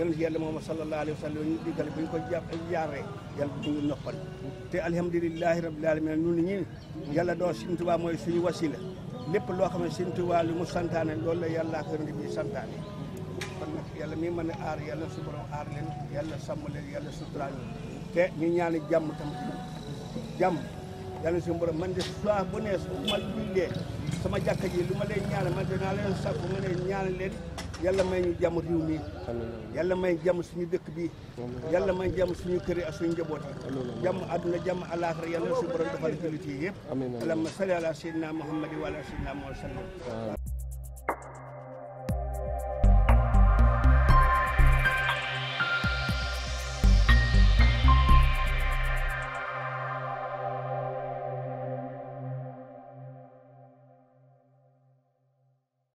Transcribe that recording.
yonent yàlla moom sallallahu alayhi wa sallam ñu digal bu ñu ko jàpp jaaree yàlla bu ñu noppal te alhamdulilahi rabbil alamin nun ni ñi yàlla doo Sëñ Tuubaa mooy lépp loo xam ne Sëñ Tuubaa lu mu santaane loolu la yàlla ak yonent bi santaane yàlla mi mën a aar su borom aar leen yàlla sàmm leen yàlla suturaal te ñu ñaani jàmm tam jàmm yàlla suñu borom man de saa bu ma sama jàkka ji lu ma leen ñaanal man danaa leen sàkku nga ne ñaanal leen yàlla may ñu jàmm réew mi yàlla may jàmm suñu dëkk bi yalla may jam suñu kër yi ak suñu njaboot a jàmm àdduna jam àllaaxira yàlla suñu borom defal jullit yi yëpp allahumma salli ala sayyidina muhammadin wa ala sayyidina muhammad sallam